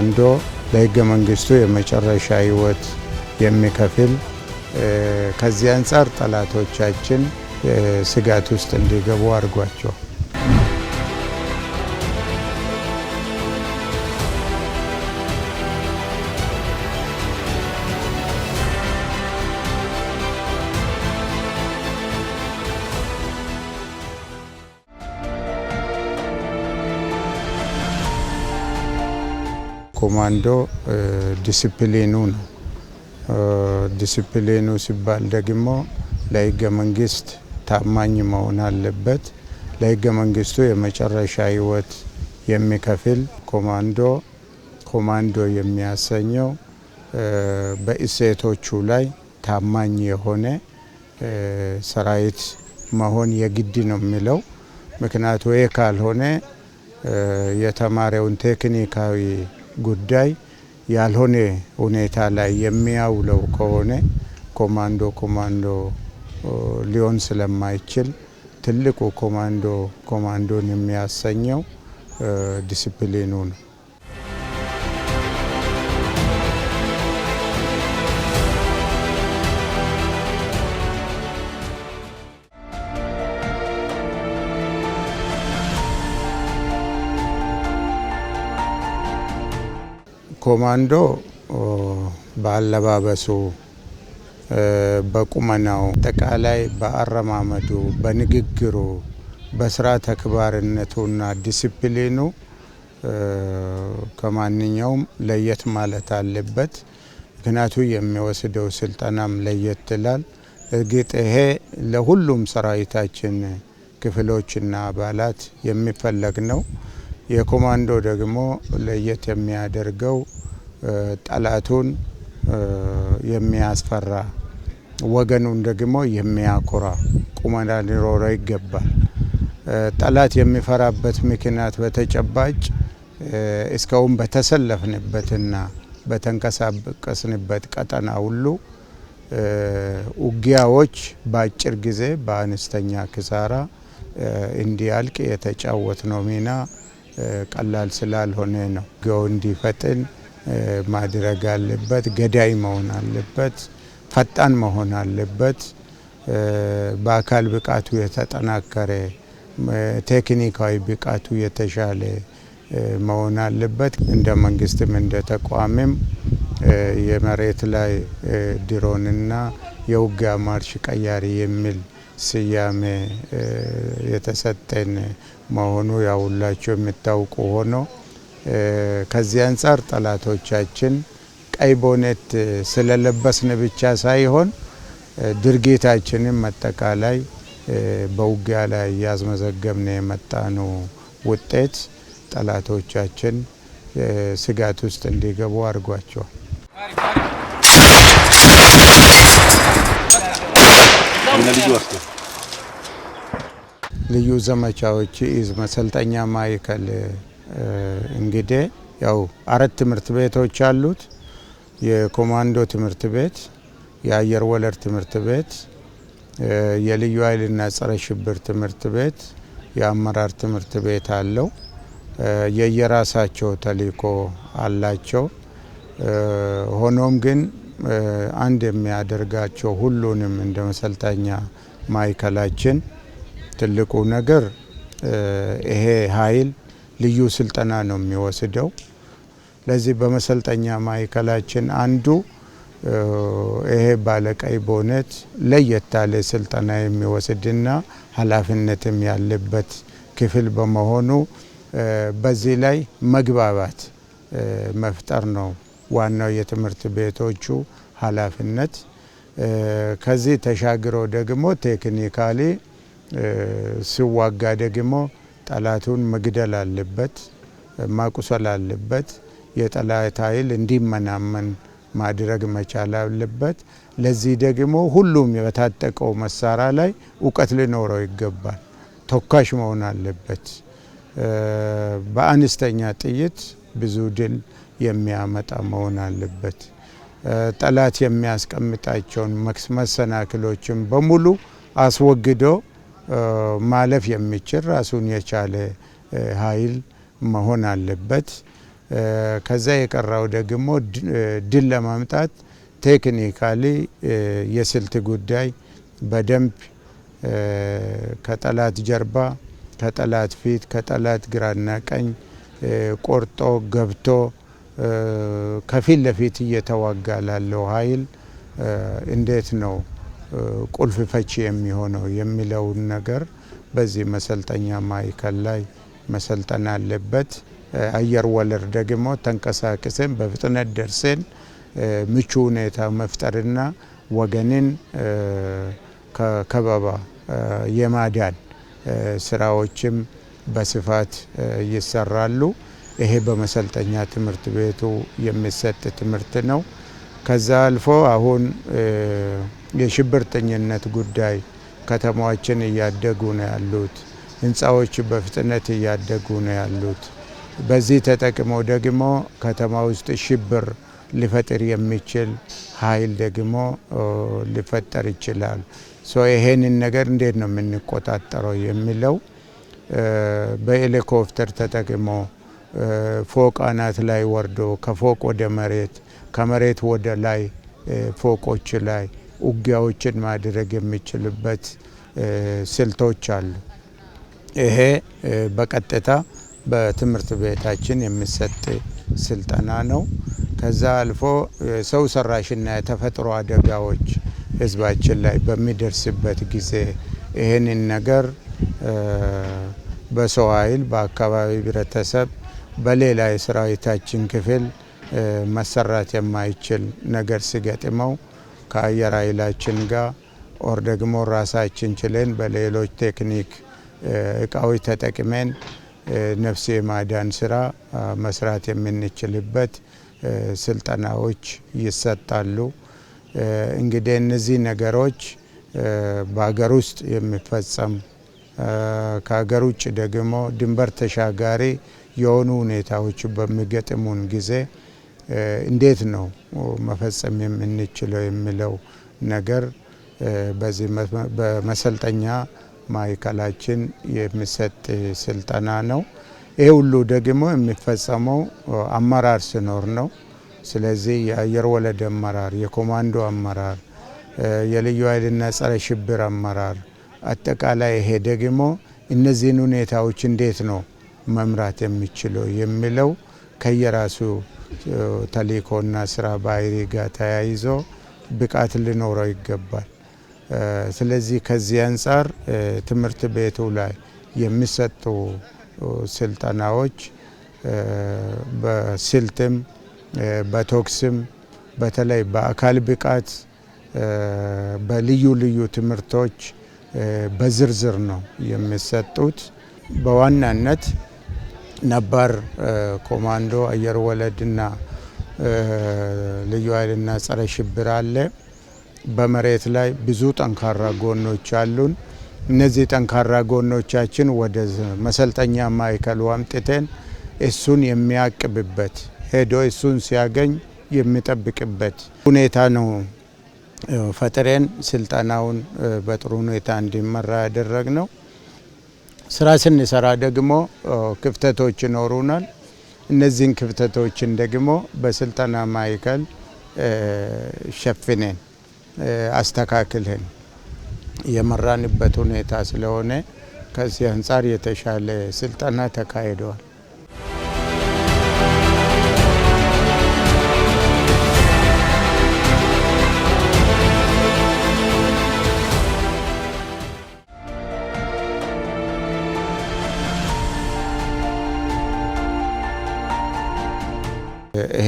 አንዶ ለህገ መንግስቱ የመጨረሻ ህይወት የሚከፍል ከዚህ አንጻር ጠላቶቻችን ስጋት ውስጥ እንዲገቡ አድርጓቸዋል። ኮማንዶ ዲስፕሊኑ ነው። ዲስፕሊኑ ሲባል ደግሞ ለህገ መንግስት ታማኝ መሆን አለበት። ለህገ መንግስቱ የመጨረሻ ህይወት የሚከፍል ኮማንዶ ኮማንዶ የሚያሰኘው በእሴቶቹ ላይ ታማኝ የሆነ ሰራዊት መሆን የግድ ነው የሚለው ምክንያቱ ይህ ካልሆነ የተማሪውን ቴክኒካዊ ጉዳይ ያልሆነ ሁኔታ ላይ የሚያውለው ከሆነ ኮማንዶ ኮማንዶ ሊሆን ስለማይችል ትልቁ ኮማንዶ ኮማንዶን የሚያሰኘው ዲስፕሊኑ ነው። ኮማንዶ በአለባበሱ፣ በቁመናው፣ አጠቃላይ በአረማመዱ፣ በንግግሩ፣ በስራ ተክባርነቱና ዲሲፕሊኑ ከማንኛውም ለየት ማለት አለበት። ምክንያቱ የሚወስደው ስልጠናም ለየት ይላል። እርግጥ ይሄ ለሁሉም ሰራዊታችን ክፍሎችና አባላት የሚፈለግ ነው። የኮማንዶ ደግሞ ለየት የሚያደርገው ጠላቱን የሚያስፈራ ወገኑን ደግሞ የሚያኮራ ቁመና ሊኖረው ይገባል። ጠላት የሚፈራበት ምክንያት በተጨባጭ እስካሁን በተሰለፍንበትና በተንቀሳቀስንበት ቀጠና ሁሉ ውጊያዎች በአጭር ጊዜ በአነስተኛ ክሳራ እንዲያልቅ የተጫወትነው ሚና ቀላል ስላልሆነ ነው። ውጊያው እንዲፈጥን ማድረግ አለበት። ገዳይ መሆን አለበት። ፈጣን መሆን አለበት። በአካል ብቃቱ የተጠናከረ ቴክኒካዊ ብቃቱ የተሻለ መሆን አለበት። እንደ መንግስትም እንደ ተቋምም የመሬት ላይ ድሮንና የውጊያ ማርሽ ቀያሪ የሚል ስያሜ የተሰጠን መሆኑ ያውላቸው የሚታውቁ ሆነው። ከዚህ አንጻር ጠላቶቻችን ቀይ ቦኔት ስለለበስን ብቻ ሳይሆን ድርጊታችንም አጠቃላይ በውጊያ ላይ እያስመዘገብን የመጣኑ ውጤት ጠላቶቻችን ስጋት ውስጥ እንዲገቡ አድርጓቸዋል። ልዩ ዘመቻዎች ኢዝ መሰልጠኛ ማዕከል እንግዲህ ያው አራት ትምህርት ቤቶች አሉት። የኮማንዶ ትምህርት ቤት፣ የአየር ወለድ ትምህርት ቤት፣ የልዩ ኃይልና ጸረ ሽብር ትምህርት ቤት፣ የአመራር ትምህርት ቤት አለው። የየራሳቸው ተሊኮ አላቸው። ሆኖም ግን አንድ የሚያደርጋቸው ሁሉንም እንደ መሰልጠኛ ማዕከላችን ትልቁ ነገር ይሄ ኃይል ልዩ ስልጠና ነው የሚወስደው። ለዚህ በመሰልጠኛ ማዕከላችን አንዱ ይሄ ባለቀይ በውነት ለየት ያለ ስልጠና የሚወስድና ኃላፊነትም ያለበት ክፍል በመሆኑ በዚህ ላይ መግባባት መፍጠር ነው ዋናው የትምህርት ቤቶቹ ኃላፊነት። ከዚህ ተሻግሮ ደግሞ ቴክኒካሊ ሲዋጋ ደግሞ ጠላቱን መግደል አለበት፣ ማቁሰል አለበት። የጠላት ኃይል እንዲመናመን ማድረግ መቻል አለበት። ለዚህ ደግሞ ሁሉም በታጠቀው መሳሪያ ላይ እውቀት ሊኖረው ይገባል። ተኳሽ መሆን አለበት። በአነስተኛ ጥይት ብዙ ድል የሚያመጣ መሆን አለበት። ጠላት የሚያስቀምጣቸውን መሰናክሎችን በሙሉ አስወግደው። ማለፍ የሚችል ራሱን የቻለ ኃይል መሆን አለበት። ከዛ የቀራው ደግሞ ድል ለማምጣት ቴክኒካሊ የስልት ጉዳይ በደንብ ከጠላት ጀርባ፣ ከጠላት ፊት፣ ከጠላት ግራና ቀኝ ቆርጦ ገብቶ ከፊት ለፊት እየተዋጋ ላለው ኃይል እንዴት ነው ቁልፍ ፈቺ የሚሆነው የሚለውን ነገር በዚህ መሰልጠኛ ማዕከል ላይ መሰልጠን አለበት። አየር ወለድ ደግሞ ተንቀሳቅሰን በፍጥነት ደርሰን ምቹ ሁኔታ መፍጠርና ወገንን ከከበባ የማዳን ስራዎችም በስፋት ይሰራሉ። ይሄ በመሰልጠኛ ትምህርት ቤቱ የሚሰጥ ትምህርት ነው። ከዛ አልፎ አሁን የሽብርተኝነት ጉዳይ ከተማዎችን እያደጉ ነው ያሉት፣ ህንፃዎች በፍጥነት እያደጉ ነው ያሉት። በዚህ ተጠቅሞ ደግሞ ከተማ ውስጥ ሽብር ሊፈጥር የሚችል ኃይል ደግሞ ሊፈጠር ይችላል። ሶ ይሄንን ነገር እንዴት ነው የምንቆጣጠረው የሚለው በሄሊኮፕተር ተጠቅሞ ፎቅ አናት ላይ ወርዶ ከፎቅ ወደ መሬት ከመሬት ወደ ላይ ፎቆች ላይ ውጊያዎችን ማድረግ የሚችልበት ስልቶች አሉ። ይሄ በቀጥታ በትምህርት ቤታችን የሚሰጥ ስልጠና ነው። ከዛ አልፎ ሰው ሰራሽና የተፈጥሮ አደጋዎች ህዝባችን ላይ በሚደርስበት ጊዜ ይህንን ነገር በሰው ኃይል፣ በአካባቢ ህብረተሰብ፣ በሌላ የሰራዊታችን ክፍል መሰራት የማይችል ነገር ሲገጥመው ከአየር ኃይላችን ጋር ኦር ደግሞ ራሳችን ችለን በሌሎች ቴክኒክ እቃዎች ተጠቅመን ነፍሴ የማዳን ስራ መስራት የምንችልበት ስልጠናዎች ይሰጣሉ። እንግዲህ እነዚህ ነገሮች በሀገር ውስጥ የሚፈጸም ከሀገር ውጭ ደግሞ ድንበር ተሻጋሪ የሆኑ ሁኔታዎች በሚገጥሙን ጊዜ እንዴት ነው መፈጸም የምንችለው የሚለው ነገር በዚህ በመሰልጠኛ ማዕከላችን የሚሰጥ ስልጠና ነው። ይህ ሁሉ ደግሞ የሚፈጸመው አመራር ሲኖር ነው። ስለዚህ የአየር ወለድ አመራር፣ የኮማንዶ አመራር፣ የልዩ ኃይልና ጸረ ሽብር አመራር አጠቃላይ ይሄ ደግሞ እነዚህን ሁኔታዎች እንዴት ነው መምራት የሚችለው የሚለው ከየራሱ ተሊኮና ስራ ባህሪ ጋር ተያይዞ ብቃት ሊኖረው ይገባል። ስለዚህ ከዚህ አንጻር ትምህርት ቤቱ ላይ የሚሰጡ ስልጠናዎች በስልትም በቶክስም በተለይ በአካል ብቃት በልዩ ልዩ ትምህርቶች በዝርዝር ነው የሚሰጡት በዋናነት ነባር ኮማንዶ አየር ወለድና ልዩ ኃይልና ጸረ ሽብር አለ። በመሬት ላይ ብዙ ጠንካራ ጎኖች አሉን። እነዚህ ጠንካራ ጎኖቻችን ወደ መሰልጠኛ ማዕከሉ አምጥተን እሱን የሚያቅብበት ሄዶ እሱን ሲያገኝ የሚጠብቅበት ሁኔታ ነው ፈጥረን ስልጠናውን በጥሩ ሁኔታ እንዲመራ ያደረግ ነው። ስራ ስንሰራ ደግሞ ክፍተቶች ይኖሩናል። እነዚህን ክፍተቶችን ደግሞ በስልጠና ማዕከል ሸፍነን አስተካክልን የመራንበት ሁኔታ ስለሆነ ከዚህ አንጻር የተሻለ ስልጠና ተካሂደዋል።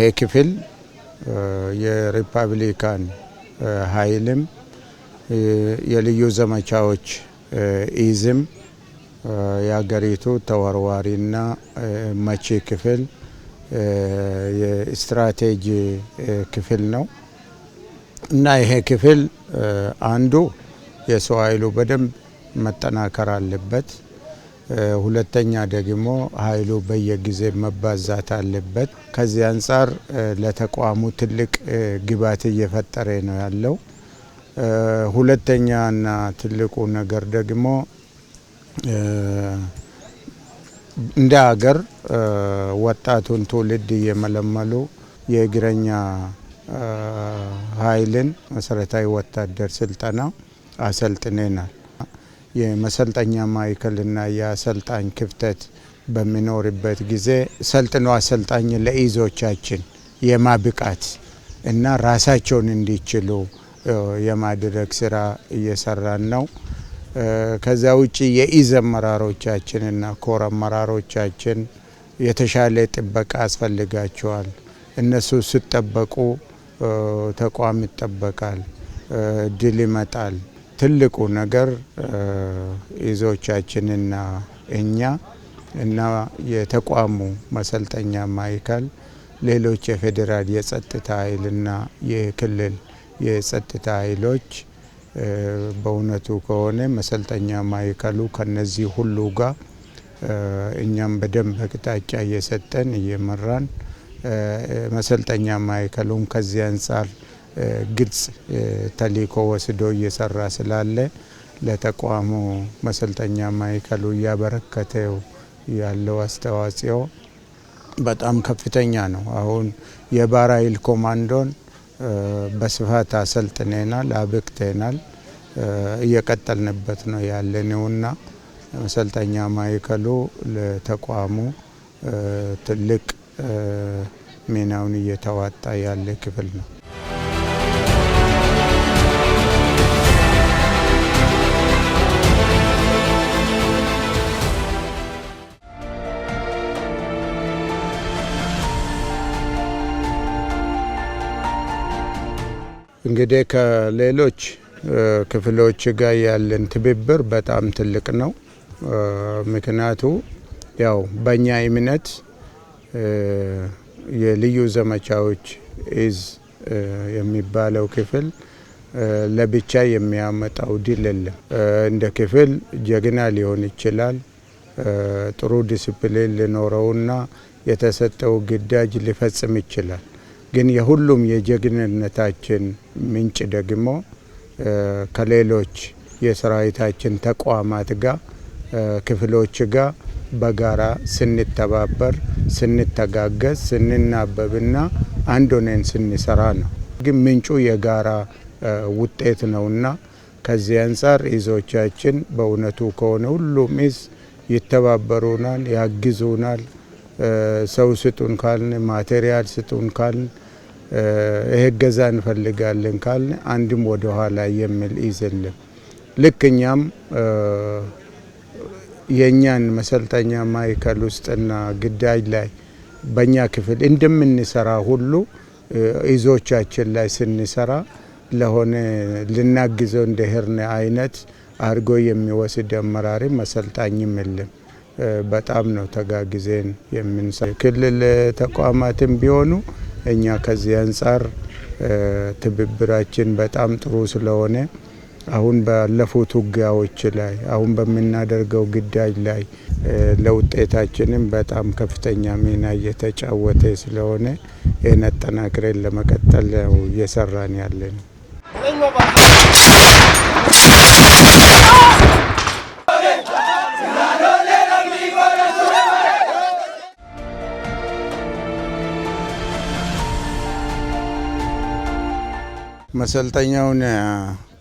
ይሄ ክፍል የሪፐብሊካን ኃይልም የልዩ ዘመቻዎች ኢዝም የሀገሪቱ ተወርዋሪና መቺ ክፍል የስትራቴጂ ክፍል ነው እና ይሄ ክፍል አንዱ የሰው ኃይሉ በደንብ መጠናከር አለበት። ሁለተኛ ደግሞ ኃይሉ በየጊዜ መባዛት አለበት። ከዚህ አንጻር ለተቋሙ ትልቅ ግብዓት እየፈጠረ ነው ያለው። ሁለተኛና ትልቁ ነገር ደግሞ እንደ ሀገር ወጣቱን ትውልድ እየመለመሉ የእግረኛ ኃይልን መሰረታዊ ወታደር ስልጠና አሰልጥኔናል። የመሰልጠኛ ማዕከልና የአሰልጣኝ ክፍተት በሚኖርበት ጊዜ ሰልጥኖ አሰልጣኝ ለኢዞቻችን የማብቃት እና ራሳቸውን እንዲችሉ የማድረግ ስራ እየሰራን ነው። ከዚያ ውጭ የኢዝ አመራሮቻችን እና ኮር አመራሮቻችን የተሻለ ጥበቃ ያስፈልጋቸዋል። እነሱ ስጠበቁ ተቋም ይጠበቃል፣ ድል ይመጣል። ትልቁ ነገር ይዞቻችንና እኛ እና የተቋሙ መሰልጠኛ ማዕከል ሌሎች የፌዴራል የጸጥታ ኃይልና የክልል የጸጥታ ኃይሎች በእውነቱ ከሆነ መሰልጠኛ ማዕከሉ ከነዚህ ሁሉ ጋር እኛም በደንብ አቅጣጫ እየሰጠን እየመራን መሰልጠኛ ማዕከሉም ከዚህ አንጻር ግልጽ ተሊኮ ወስዶ እየሰራ ስላለ ለተቋሙ መሰልጠኛ ማዕከሉ እያበረከተው ያለው አስተዋጽኦ በጣም ከፍተኛ ነው። አሁን የባራይል ኃይል ኮማንዶን በስፋት አሰልጥነናል፣ አብክቴናል እየቀጠልንበት ነው ያለነውና መሰልጠኛ ማዕከሉ ለተቋሙ ትልቅ ሚናውን እየተዋጣ ያለ ክፍል ነው። እንግዲህ ከሌሎች ክፍሎች ጋር ያለን ትብብር በጣም ትልቅ ነው። ምክንያቱ ያው በእኛ እምነት የልዩ ዘመቻዎች ኢዝ የሚባለው ክፍል ለብቻ የሚያመጣው ድል የለም። እንደ ክፍል ጀግና ሊሆን ይችላል። ጥሩ ዲስፕሊን ሊኖረውና የተሰጠው ግዳጅ ሊፈጽም ይችላል። ግን የሁሉም የጀግንነታችን ምንጭ ደግሞ ከሌሎች የሰራዊታችን ተቋማት ጋር ክፍሎች ጋር በጋራ ስንተባበር፣ ስንተጋገዝ፣ ስንናበብና አንድ ሆነን ስንሰራ ነው። ግን ምንጩ የጋራ ውጤት ነውና ከዚህ አንጻር ህዞቻችን በእውነቱ ከሆነ ሁሉም ህዝ ይተባበሩናል፣ ያግዙናል። ሰው ስጡን ካልን፣ ማቴሪያል ስጡን ካልን፣ ይሄ ገዛ እንፈልጋለን ካልን አንድም ወደ ኋላ የሚል ይዘልም ልክ እኛም የእኛን መሰልጠኛ ማዕከል ውስጥና ግዳጅ ላይ በእኛ ክፍል እንደምንሰራ ሁሉ ይዞቻችን ላይ ስንሰራ ለሆነ ልናግዘው እንደሄድን አይነት አድርጎ የሚወስድ አመራሪ መሰልጣኝም የለም። በጣም ነው ተጋግዜን የምንሰ ክልል ተቋማትም ቢሆኑ እኛ ከዚህ አንጻር ትብብራችን በጣም ጥሩ ስለሆነ አሁን ባለፉት ውጊያዎች ላይ አሁን በምናደርገው ግዳጅ ላይ ለውጤታችንም በጣም ከፍተኛ ሚና እየተጫወተ ስለሆነ ይህን አጠናክረን ለመቀጠል ነው እየሰራን ያለ ነው። መሰልጠኛውን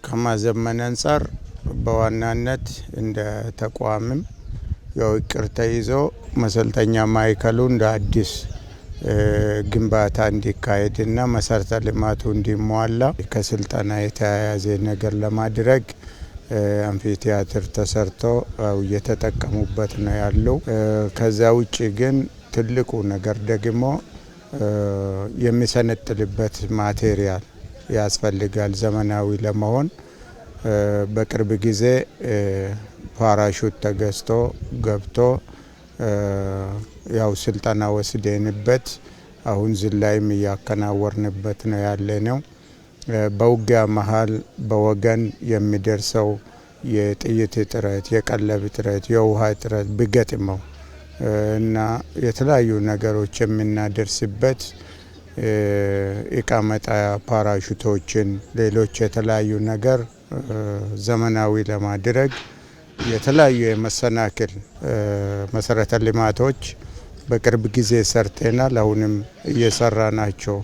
ከማዘመን አንጻር በዋናነት እንደ ተቋምም ያው ተይዞ መሰልጠኛ ማዕከሉ እንደ አዲስ ግንባታ እንዲካሄድና መሰረተ ልማቱ እንዲሟላ ከስልጠና የተያያዘ ነገር ለማድረግ አምፊቲያትር ተሰርቶ እየተጠቀሙበት ነው ያለው። ከዛ ውጭ ግን ትልቁ ነገር ደግሞ የሚሰነጥልበት ማቴሪያል ያስፈልጋል ዘመናዊ ለመሆን በቅርብ ጊዜ ፓራሹት ተገዝቶ ገብቶ ያው ስልጠና ወስደንበት አሁን ዝላይም እያከናወርንበት ነው ያለ ነው። በውጊያ መሀል በወገን የሚደርሰው የጥይት እጥረት፣ የቀለብ እጥረት፣ የውሃ እጥረት ቢገጥመው እና የተለያዩ ነገሮች የምናደርስበት የቃመጣ ፓራሹቶችን፣ ሌሎች የተለያዩ ነገር ዘመናዊ ለማድረግ የተለያዩ የመሰናክል መሰረተ ልማቶች በቅርብ ጊዜ ሰርተናል። አሁንም እየሰራ ናቸው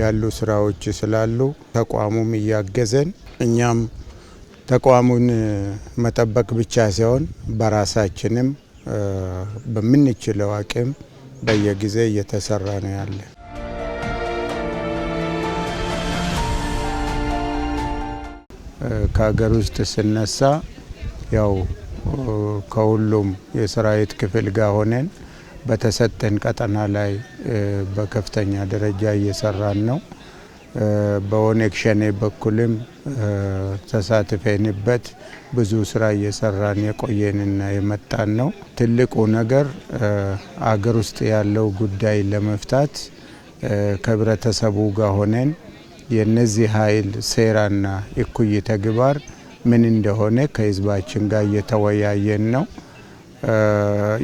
ያሉ ስራዎች ስላሉ ተቋሙም እያገዘን እኛም ተቋሙን መጠበቅ ብቻ ሲሆን በራሳችንም በምንችለው አቅም በየጊዜ እየተሰራ ነው ያለን። ከሀገር ውስጥ ስነሳ ያው ከሁሉም የሰራዊት ክፍል ጋር ሆነን በተሰጠን ቀጠና ላይ በከፍተኛ ደረጃ እየሰራን ነው። በኦነግ ሸኔ በኩልም ተሳትፈንበት ብዙ ስራ እየሰራን የቆየንና የመጣን ነው። ትልቁ ነገር አገር ውስጥ ያለው ጉዳይ ለመፍታት ከህብረተሰቡ ጋር ሆነን የነዚህ ኃይል ሴራና እኩይ ተግባር ምን እንደሆነ ከህዝባችን ጋር እየተወያየን ነው።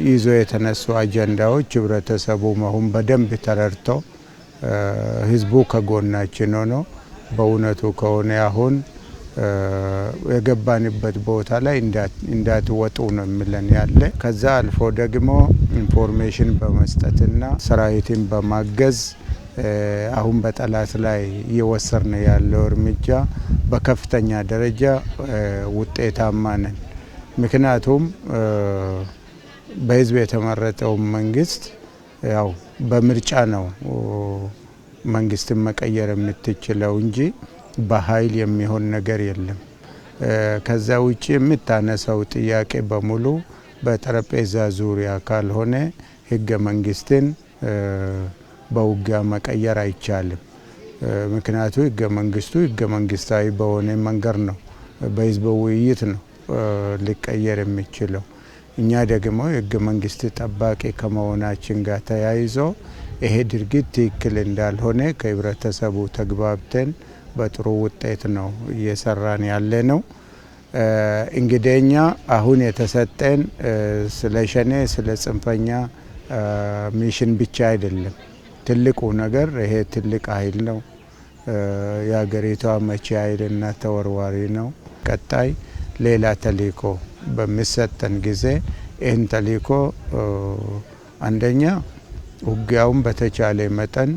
ይዞ የተነሱ አጀንዳዎች ህብረተሰቡ መሆን በደንብ ተረድቶ ህዝቡ ከጎናችን ሆኖ በእውነቱ ከሆነ አሁን የገባንበት ቦታ ላይ እንዳትወጡ ነው የሚለን ያለ። ከዛ አልፎ ደግሞ ኢንፎርሜሽን በመስጠትና ሰራዊትን በማገዝ አሁን በጠላት ላይ እየወሰድን ያለው እርምጃ በከፍተኛ ደረጃ ውጤታማ ነን። ምክንያቱም በህዝብ የተመረጠው መንግስት ያው በምርጫ ነው መንግስትን መቀየር የምትችለው እንጂ በኃይል የሚሆን ነገር የለም። ከዛ ውጭ የምታነሳው ጥያቄ በሙሉ በጠረጴዛ ዙሪያ ካልሆነ ህገ መንግስትን በውጊያ መቀየር አይቻልም። ምክንያቱ ህገ መንግስቱ ህገ መንግስታዊ በሆነ መንገድ ነው፣ በህዝብ ውይይት ነው ሊቀየር የሚችለው። እኛ ደግሞ የህገ መንግስት ጠባቂ ከመሆናችን ጋር ተያይዞ ይሄ ድርጊት ትክክል እንዳልሆነ ከህብረተሰቡ ተግባብተን በጥሩ ውጤት ነው እየሰራን ያለ ነው። እንግዲኛ አሁን የተሰጠን ስለ ሸኔ ስለ ጽንፈኛ ሚሽን ብቻ አይደለም። ትልቁ ነገር ይሄ ትልቅ ኃይል ነው። የሀገሪቷ መቺ ኃይልና ተወርዋሪ ነው። ቀጣይ ሌላ ተልእኮ በሚሰጠን ጊዜ ይህን ተልእኮ አንደኛ ውጊያውን በተቻለ መጠን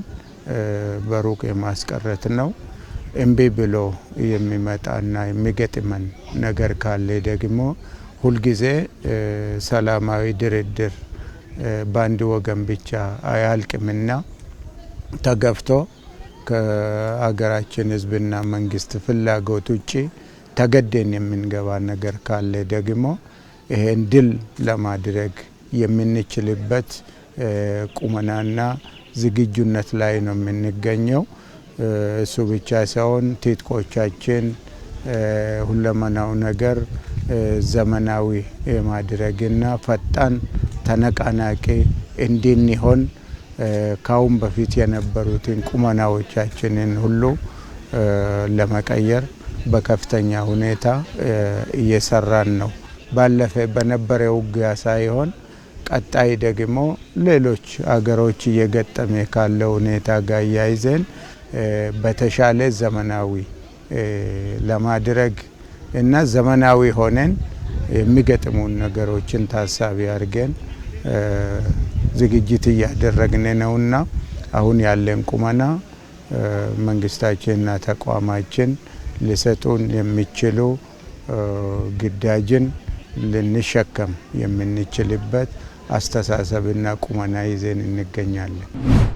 በሩቅ የማስቀረት ነው። እምቢ ብሎ የሚመጣና የሚገጥመን ነገር ካለ ደግሞ ሁልጊዜ ሰላማዊ ድርድር በአንድ ወገን ብቻ አያልቅምና ተገፍቶ ከሀገራችን ህዝብና መንግስት ፍላጎት ውጭ ተገደን የምንገባ ነገር ካለ ደግሞ ይሄን ድል ለማድረግ የምንችልበት ቁመናና ዝግጁነት ላይ ነው የምንገኘው። እሱ ብቻ ሳይሆን ትጥቆቻችን ሁለመናው ነገር ዘመናዊ የማድረግና ፈጣን ተነቃናቂ እንድንሆን ካሁን በፊት የነበሩትን ቁመናዎቻችንን ሁሉ ለመቀየር በከፍተኛ ሁኔታ እየሰራን ነው። ባለፈ በነበረ ውጊያ ሳይሆን ቀጣይ ደግሞ ሌሎች አገሮች እየገጠመ ካለው ሁኔታ ጋር እያይዘን በተሻለ ዘመናዊ ለማድረግ እና ዘመናዊ ሆነን የሚገጥሙን ነገሮችን ታሳቢ አድርገን ዝግጅት እያደረግን ነውና አሁን ያለን ቁመና መንግስታችንና ተቋማችን ሊሰጡን የሚችሉ ግዳጅን ልንሸከም የምንችልበት አስተሳሰብና ቁመና ይዘን እንገኛለን።